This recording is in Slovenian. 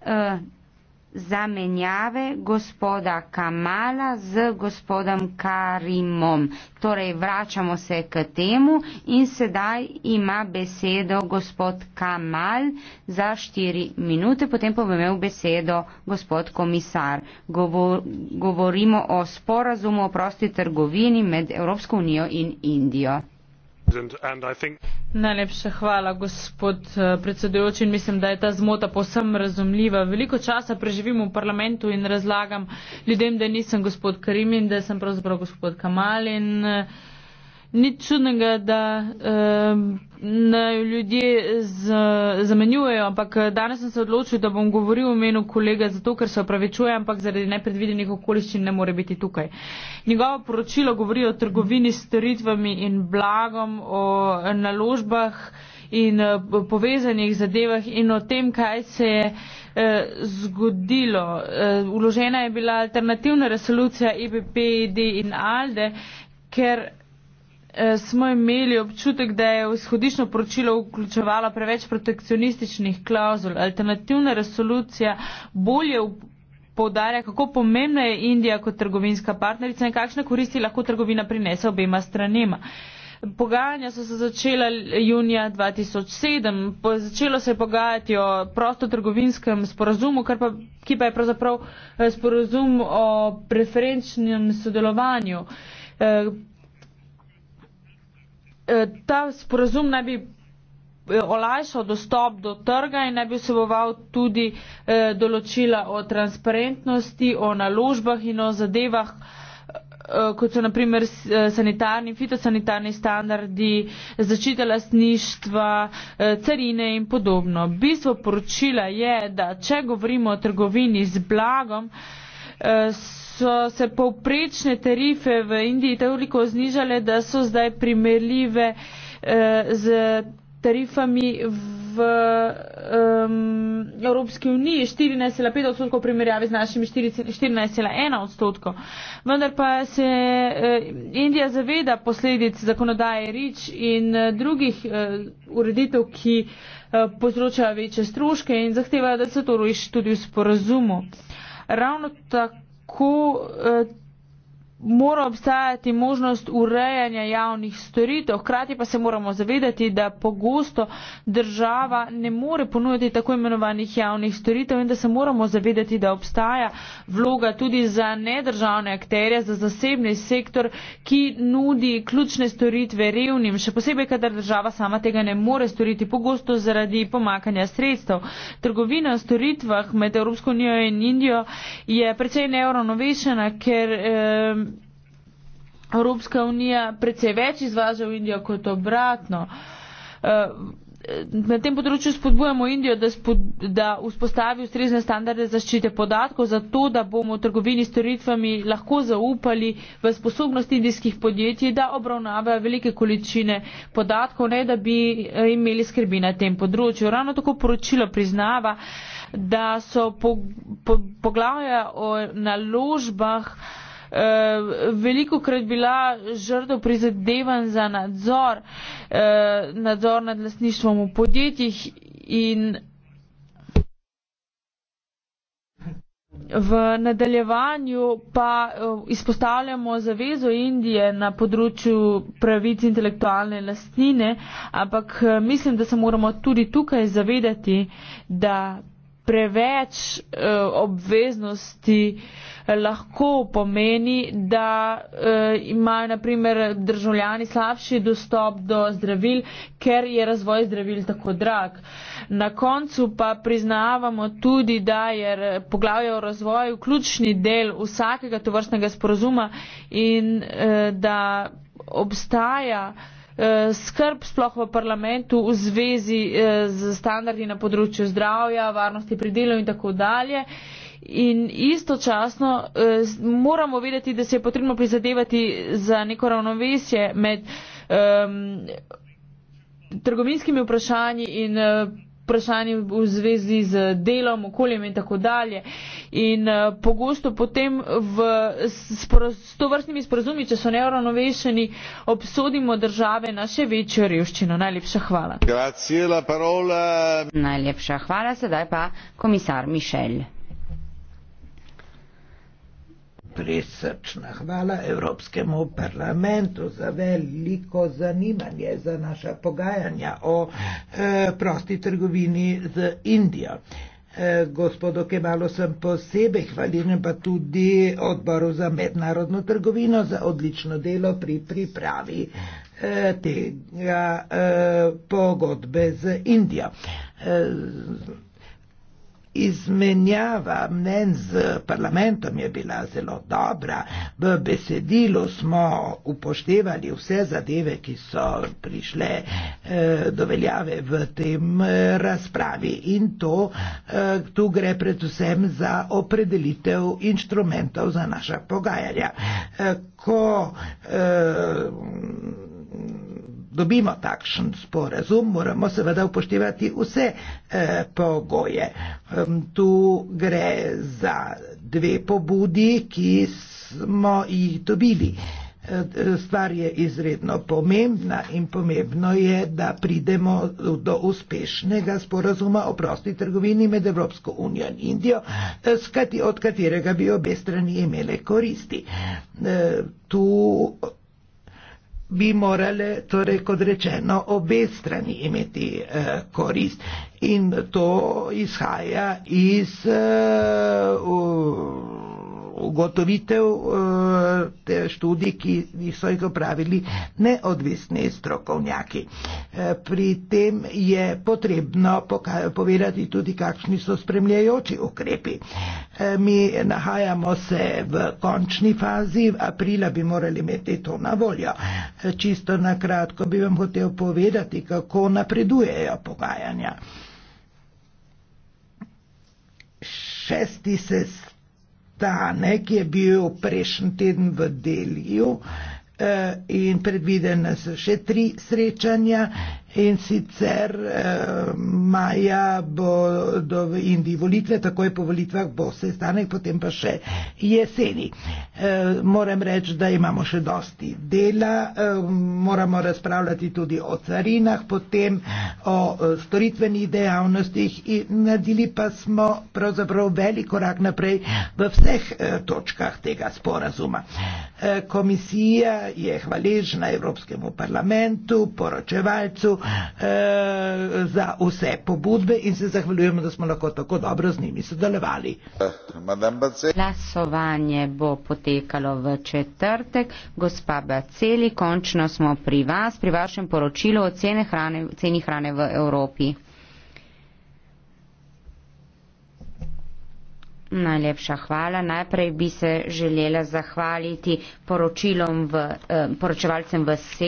Eh, zamenjave gospoda Kamala z gospodom Karimom. Torej, vračamo se k temu in sedaj ima besedo gospod Kamal za štiri minute, potem pa bo imel besedo gospod komisar. Govor, govorimo o sporazumu o prosti trgovini med Evropsko unijo in Indijo. Najlepša hvala, gospod eh, predsedujoči. Mislim, da je ta zmota posem razumljiva. Veliko časa preživim v parlamentu in razlagam ljudem, da nisem gospod Karim in da sem pravzaprav gospod Kamal. In, uh, nič čudnega, da um, ljudje z, zamenjujejo, ampak danes sem se odločil, da bom govoril v imenu kolega zato, ker se opravičuje, ampak zaradi nepredvidenih okoliščin ne more biti tukaj. Njegovo poročilo govori o trgovini s storitvami in blagom, o naložbah in povezanih zadevah in o tem, kaj se je eh, zgodilo. Uložena eh, je bila alternativna resolucija EPPD e in ALDE, ker Eh, smo imeli občutek, da je vzhodišno poročilo vključevalo preveč protekcionističnih klauzul. Alternativna resolucija bolje povdarja, kako pomembna je Indija kot trgovinska partnerica in kakšne koristi lahko trgovina prinese obema stranima. Pogajanja so se začela junija 2007, po, začelo se je pogajati o prostotrgovinskem sporazumu, pa, ki pa je pravzaprav eh, sporazum o preferenčnem sodelovanju. Eh, Eh, ta sporazum naj bi eh, olajšal dostop do trga in naj bi vseboval tudi eh, določila o transparentnosti, o naložbah in o zadevah kot so naprimer sanitarni, fitosanitarni standardi, zaščita lastništva, carine in podobno. Bistvo poročila je, da če govorimo o trgovini z blagom, so se povprečne tarife v Indiji toliko znižale, da so zdaj primerljive eh, z tarifami v um, Evropski uniji 14,5 odstotkov primerjavi z našimi 14,1 odstotkov. Vendar pa se uh, Indija zaveda posledic zakonodaje REACH in uh, drugih uh, ureditev, ki uh, povzročajo večje stroške in zahtevajo, da se to ruši tudi v sporazumu. Uh, ravno tako. Eh, mora obstajati možnost urejanja javnih storitev. Hkrati pa se moramo zavedati, da pogosto država ne more ponuditi tako imenovanih javnih storitev in da se moramo zavedati, da obstaja vloga tudi za nedržavne akterje, za zasebni sektor, ki nudi ključne storitve revnim, še posebej, kadar država sama tega ne more storiti, pogosto zaradi pomakanja sredstev. Trgovina v storitvah med Evropsko unijo in Indijo je precej neuravnovešena, ker eh, Evropska unija precej več izvaža v Indijo kot obratno. Eh, na tem področju spodbujamo Indijo, da, spod, da vzpostavi ustrezne standarde zaščite podatkov, zato da bomo v trgovini s storitvami lahko zaupali v sposobnost indijskih podjetij, da obravnavajo velike količine podatkov, ne da bi eh, imeli skrbi na tem področju. Ravno tako poročilo priznava, da so poglavja po, po o naložbah. Eh, veliko krat bila žrtev prizadevan za nadzor, eh, nadzor nad lasništvom v podjetjih in V nadaljevanju pa eh, izpostavljamo zavezo Indije na področju pravic intelektualne lastnine, ampak eh, mislim, da se moramo tudi tukaj zavedati, da preveč uh, obveznosti eh, lahko pomeni, da uh, imajo naprimer državljani slabši dostop do zdravil, ker je razvoj zdravil tako drag. Na koncu pa priznavamo tudi, da je poglavje o razvoju ključni del vsakega tovrstnega sporozuma in uh, da obstaja uh, Eh, skrb sploh v parlamentu v zvezi eh, z standardi na področju zdravja, varnosti pri delu in tako dalje. In istočasno eh, moramo vedeti, da se je potrebno prizadevati za neko ravnovesje med um, trgovinskimi vprašanji in uh, vprašanje v zvezi z delom, okoljem in tako dalje. In uh, pogosto potem v, s, s tovrstnimi sporazumi, če so neuravnovešeni, obsodimo države na še večjo revščino. Najlepša hvala. Najlepša hvala, sedaj pa komisar Mišel prisrčna hvala Evropskemu parlamentu za veliko zanimanje za naša pogajanja o e, prosti trgovini z Indijo. E, eh, gospodo Kemalo sem posebej hvaljen, pa tudi odboru za mednarodno trgovino za odlično delo pri pripravi e, tega e, pogodbe z Indijo. E, Izmenjava mnen z parlamentom je bila zelo dobra. V besedilu smo upoštevali vse zadeve, ki so prišle eh, do veljave v tem eh, razpravi in to eh, tu gre predvsem za opredelitev inštrumentov za naša pogajanja. Ko, dobimo takšen sporazum, moramo seveda upoštevati vse eh, pogoje. Tu gre za dve pobudi, ki smo jih dobili. Eh, stvar je izredno pomembna in pomembno je, da pridemo do uspešnega sporazuma o prosti trgovini med Evropsko unijo in Indijo, eh, od katerega bi obe strani imele koristi. Eh, tu bi morale, torej kot rečeno, obe strani imeti eh, korist. In to izhaja iz eh, uh, ugotovitev eh, te študije, ki so jih opravili neodvisni strokovnjaki. Eh, pri tem je potrebno povedati tudi, kakšni so spremljajoči ukrepi. Eh, mi nahajamo se v končni fazi, aprila bi morali imeti to na voljo. Čisto na kratko bi vam hotel povedati, kako napredujejo pogajanja. Šesti sest sestane, ki je bil prejšnji teden v Deliju eh, in predvidena so še tri srečanja in sicer eh, maja bo do Indi volitve, takoj po volitvah bo sestanek, potem pa še jeseni. Eh, moram reči, da imamo še dosti dela, eh, moramo razpravljati tudi o carinah, potem o eh, storitvenih dejavnostih in nadili pa smo pravzaprav velik korak naprej v vseh eh, točkah tega sporazuma. Eh, komisija je hvaležna Evropskemu parlamentu, poročevalcu, eh, za vse pobudbe in se zahvaljujemo, da smo lahko tako dobro z njimi sodelovali. Glasovanje bo potekalo v četrtek. Gospa Baceli, končno smo pri vas, pri vašem poročilu o cene hrane, ceni hrane v Evropi. Najlepša hvala. Najprej bi se želela zahvaliti poročilom v, eh, poročevalcem v SE.